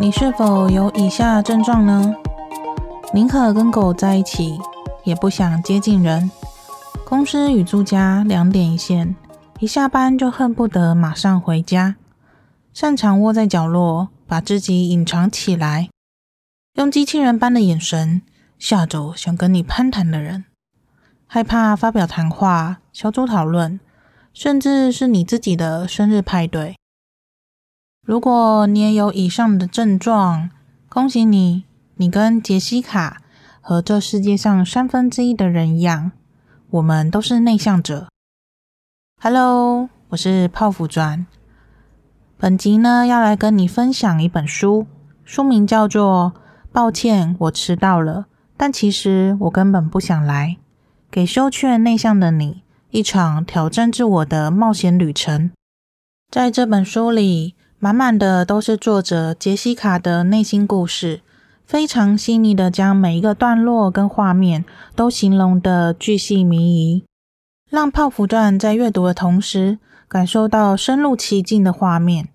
你是否有以下症狀呢？寧可跟狗在一起，也不想接近人。公司與住家兩點一線，一下班就恨不得馬上回家。擅長窩在角落，把自己隱藏起來。用機器人般的眼神，嚇走想跟你攀談的人。害怕發表談話、小組討論，甚至是你自己的生日派對。如果你也有以上的症狀，恭喜你，你跟潔西卡和這世界上三分之一的人一樣，我們都是內向者。Hello，我是泡芙鑽。本集呢要來跟你分享一本書，書名叫做《抱歉，我遲到了，但其實我根本不想來》，給羞怯內向的你一場挑戰自我的冒險旅程。在這本書裡。滿滿的都是作者傑西卡的內心故事，非常細膩的將每一個段落跟畫面都形容的巨細靡遺，讓泡芙鑽在閱讀的同時感受到深入其境的畫面，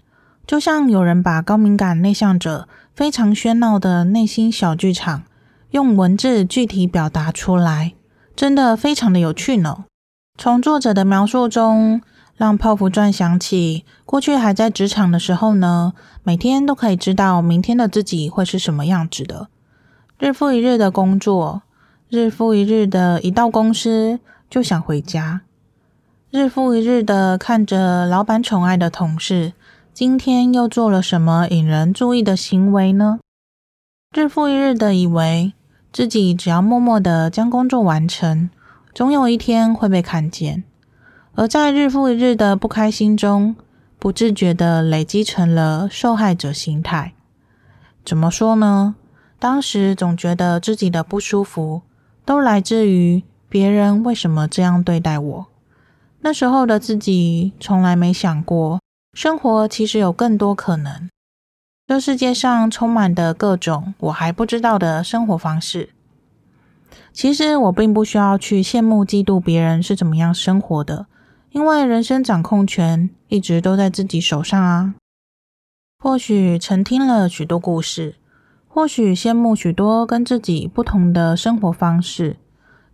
就像有人把高敏感內向者非常喧鬧的內心小劇場用文字具體表達出來，真的非常的有趣呢、哦。從作者的描述中，讓泡芙鑽想起，過去還在職場的時候呢，每天都可以知道明天的自己會是什麼樣子的。日復一日的工作，日復一日的一到公司就想回家，日復一日的看着老闆寵愛的同事，今天又做了什麼引人注意的行為呢？日復一日的以為自己只要默默的將工作完成，總有一天會被看見。而在日復一日的不開心中，不自覺地累積成了受害者心態。怎麼說呢？當時總覺得自己的不舒服都來自於別人為什麼這樣對待我。那時候的自己從來沒想過，生活其實有更多可能。這世界上充滿了各種我還不知道的生活方式。其實我並不需要去羨慕嫉妒別人是怎麼樣生活的。因為人生掌控權一直都在自己手上啊。或許曾聽了許多故事，或許羨慕許多跟自己不同的生活方式，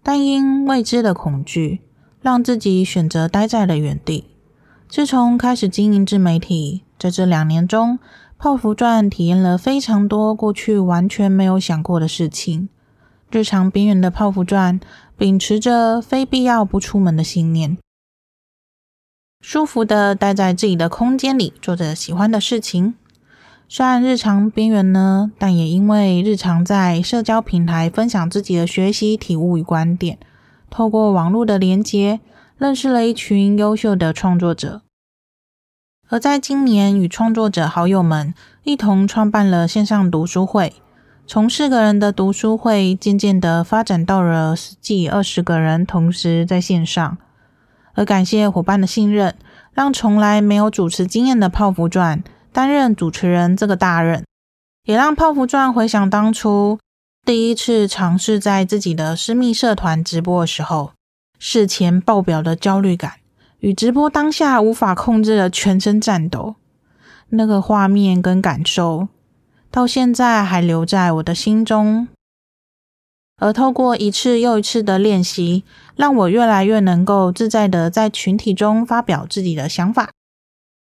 但因未知的恐懼，讓自己選擇待在了原地。自從開始經營自媒體，在這兩年中，泡芙鑽體驗了非常多過去完全沒有想過的事情。日常邊緣的泡芙鑽，秉持着非必要不出門的信念。舒服的待在自己的空間裡，做着喜歡的事情。雖然日常邊緣呢，但也因為日常在社交平台分享自己的學習體悟與觀點，透過網絡的連接，認識了一群優秀的創作者。而在今年，與創作者好友們一同創辦了線上讀書會，從四個人的讀書會，漸漸的發展到了十幾、二十個人同時在線上。而感謝夥伴的信任，讓從來沒有主持經驗的泡芙鑽擔任主持人這個大任，也讓泡芙鑽回想當初第一次嘗試在自己的私密社團直播的時候，事前爆表的焦慮感，與直播當下無法控制的全身顫抖。那個畫面跟感受，到現在還留在我的心中。而透過一次又一次的練習，讓我越來越能夠自在地在群體中發表自己的想法，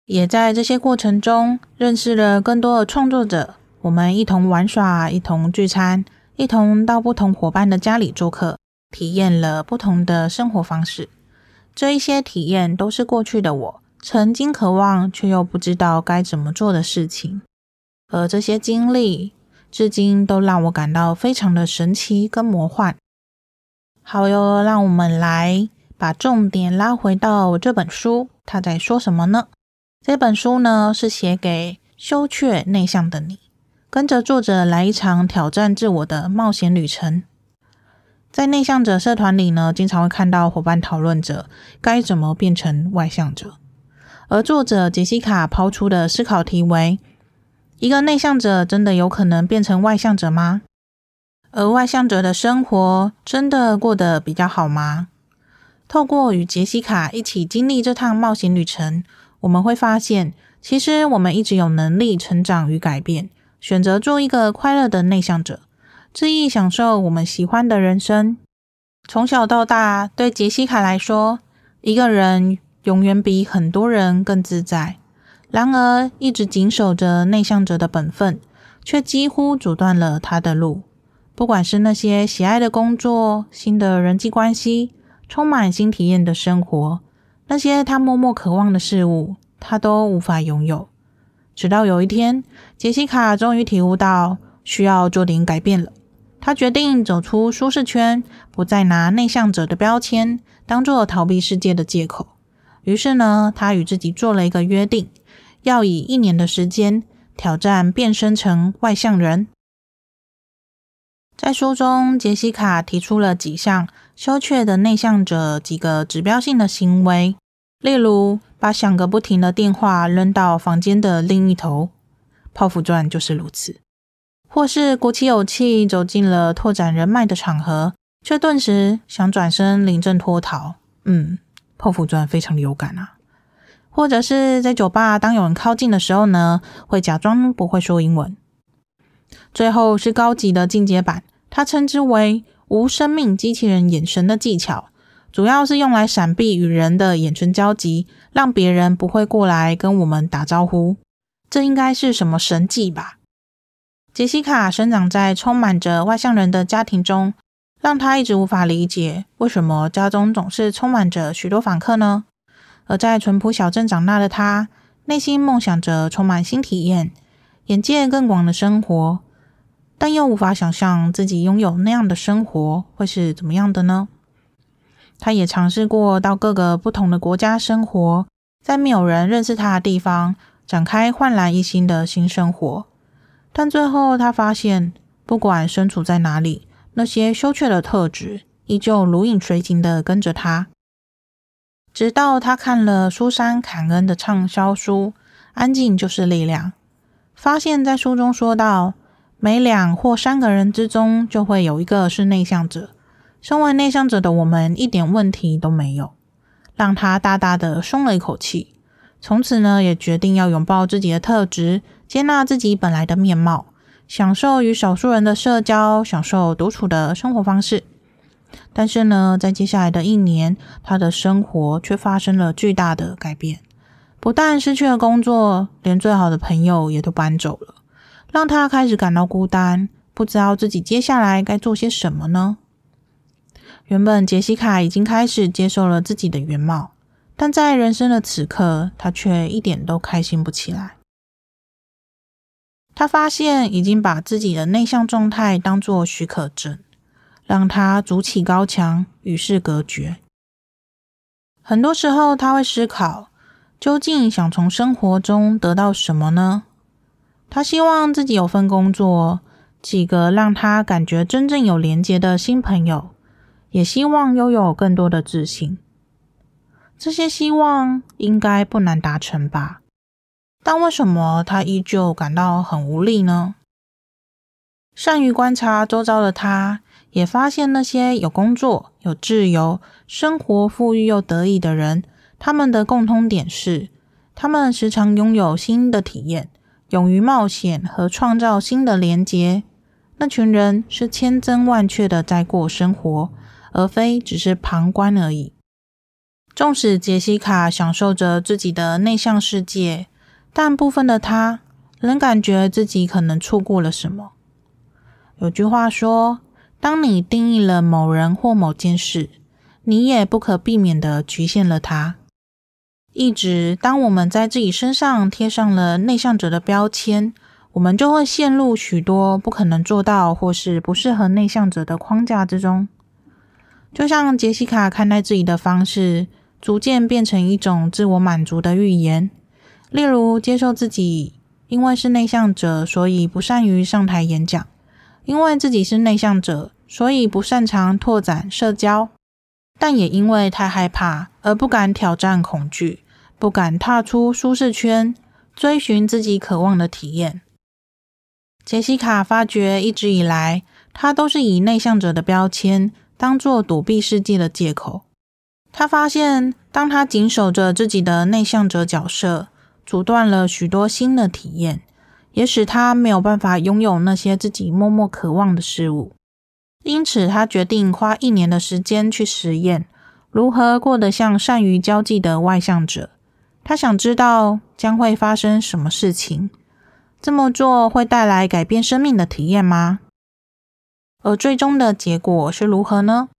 也在這些過程中認識了更多的創作者。我們一同玩耍，一同聚餐，一同到不同夥伴的家裡做客，體驗了不同的生活方式。這一些體驗都是過去的我曾經渴望卻又不知道該怎麼做的事情，而這些經歷。至今都讓我感到非常的神奇跟魔幻。好喲，讓我們來把重點拉回到這本書，他在說什麼呢？這本書呢是寫給羞怯內向的你，跟着作者來一場挑戰自我的冒險旅程。在內向者社團裡呢，經常會看到夥伴討論著該怎麼變成外向者，而作者潔西卡拋出的思考題為。一個內向者真的有可能變成外向者嗎？而外向者的生活真的過得比較好嗎？透過與杰西卡一起經歷這趟冒險旅程，我們會發現，其實我們一直有能力成長與改變，選擇做一個快樂的內向者，恣意享受我們喜歡的人生。從小到大，對杰西卡來說，一個人永遠比很多人更自在。然而，一直謹守着內向者的本分，卻幾乎阻斷了他的路。不管是那些喜愛的工作、新的人際關係、充滿新體驗的生活，那些他默默渴望的事物，他都無法擁有。直到有一天，潔西卡終於體悟到需要做點改變了。她決定走出舒適圈，不再拿內向者的標籤當作逃避世界的借口。於是呢，他與自己做了一個約定。要以一年的時間挑戰變身成外向人。在書中，潔西卡提出了幾項羞怯的內向者幾個指標性的行為，例如把響個不停的電話扔到房間的另一頭，泡芙鑽就是如此；或是鼓起勇氣走進了拓展人脈的場合，卻頓時想轉身臨陣脫逃。嗯，泡芙鑽非常有感啊。或者是在酒吧，當有人靠近的時候呢，會假裝不會說英文。最後是高級的進階版，它稱之為“無生命機器人眼神”的技巧，主要是用來閃避與人的眼神交集，讓別人不會過來跟我們打招呼。這應該是什麼神技吧？杰西卡生長在充滿着外向人的家庭中，讓她一直無法理解為什麼家中總是充滿着許多訪客呢？而在淳樸小鎮長大的他，內心夢想着充滿新體驗、眼界更廣的生活，但又無法想象自己擁有那樣的生活會是怎麼樣的呢？他也嘗試過到各個不同的國家生活，在沒有人認識他的地方展開煥然一新的新生活，但最後他發現，不管身處在哪裡，那些羞怯的特質依舊如影隨形地跟着他。直到他看了蘇珊·坎恩的暢銷書《安靜就是力量》，發現在書中說到，每兩或三個人之中就會有一個是內向者。身為內向者的我們一點問題都沒有，讓他大大的鬆了一口氣。從此呢，也決定要擁抱自己的特質，接納自己本來的面貌，享受與少數人的社交，享受獨處的生活方式。但是呢，在接下來的一年，他的生活卻發生了巨大的改變。不但失去了工作，連最好的朋友也都搬走了，讓他開始感到孤單，不知道自己接下來該做些什麼呢？原本杰西卡已經開始接受了自己的原貌，但在人生的此刻，他卻一點都開心不起來。他發現已經把自己的內向狀態當做許可證。讓他築起高牆，與世隔絕。很多時候，他會思考：究竟想從生活中得到什麼呢？他希望自己有份工作，幾個讓他感覺真正有連接的新朋友，也希望擁有更多的自信。這些希望應該不難達成吧？但為什麼他依舊感到很無力呢？善於觀察周遭的他，也發現那些有工作、有自由、生活富裕又得意的人，他們的共通點是，他們時常擁有新的體驗，勇於冒險和創造新的連結。那群人是千真萬確的在過生活，而非只是旁觀而已。縱使杰西卡享受着自己的內向世界，但部分的她仍感覺自己可能錯過了什麼。有句話說。當你定義了某人或某件事，你也不可避免的局限了他。一直當我們在自己身上貼上了內向者的標籤，我們就會陷入許多不可能做到或是不適合內向者的框架之中。就像傑西卡看待自己的方式，逐漸變成一種自我滿足的預言。例如，接受自己因為是內向者，所以不善於上台演講；因為自己是內向者。所以不擅長拓展社交，但也因為太害怕而不敢挑戰恐懼，不敢踏出舒適圈，追尋自己渴望的體驗。傑西卡發覺，一直以來她都是以內向者的標籤當作躲避世界的借口。她發現，當她緊守着自己的內向者角色，阻斷了許多新的體驗，也使她沒有辦法擁有那些自己默默渴望的事物。因此，他決定花一年的時間去實驗如何過得像善於交際的外向者。他想知道將會發生什麼事情，這麼做會帶來改變生命的體驗嗎？而最終的結果是如何呢？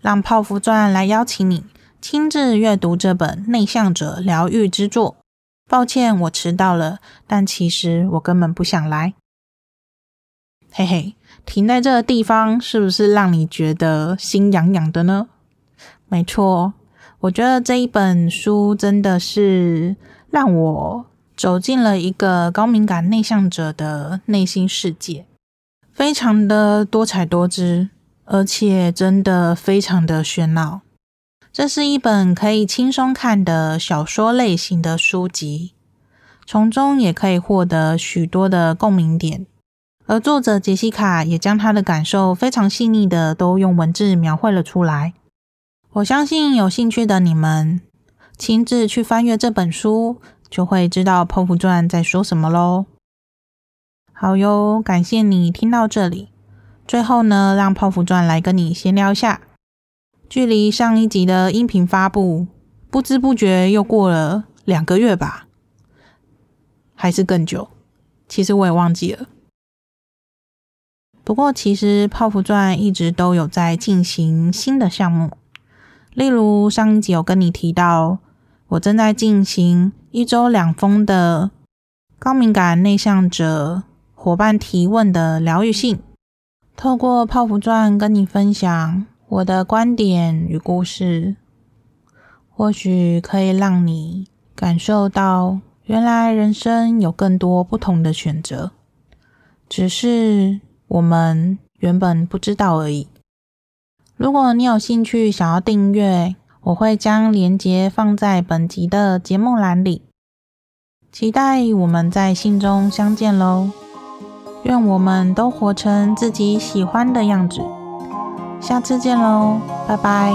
讓泡芙鑽來邀請你親自閱讀這本內向者療癒之作。抱歉，我遲到了，但其實我根本不想來。嘿嘿。停在這個地方，是不是讓你覺得心癢癢的呢？沒錯，我覺得這一本書真的是讓我走進了一個高敏感內向者的內心世界，非常的多彩多姿，而且真的非常的喧鬧。這是一本可以輕鬆看的小說類型的書籍，從中也可以獲得許多的共鳴點。而作者潔西卡也將她的感受非常細膩的都用文字描繪了出來。我相信有興趣的你們親自去翻閱這本書，就會知道泡芙鑽在說什麼嘍。好喲感謝你聽到這裡。最後呢，讓泡芙鑽來跟你閒聊一下。距離上一集的音頻發布，不知不覺又過了兩個月吧，還是更久？其實我也忘記了。不過，其實泡芙鑽一直都有在進行新的項目，例如上一集有跟你提到，我正在進行一周兩封的高敏感內向者夥伴提問的療癒信，透過泡芙鑽跟你分享我的觀點與故事，或許可以讓你感受到原來人生有更多不同的選擇，只是。我們原本不知道而已。如果你有興趣想要訂閱，我會將鏈接放在本集的節目欄裡。期待我們在信中相見嘍！願我們都活成自己喜歡的樣子。下次見嘍，拜拜。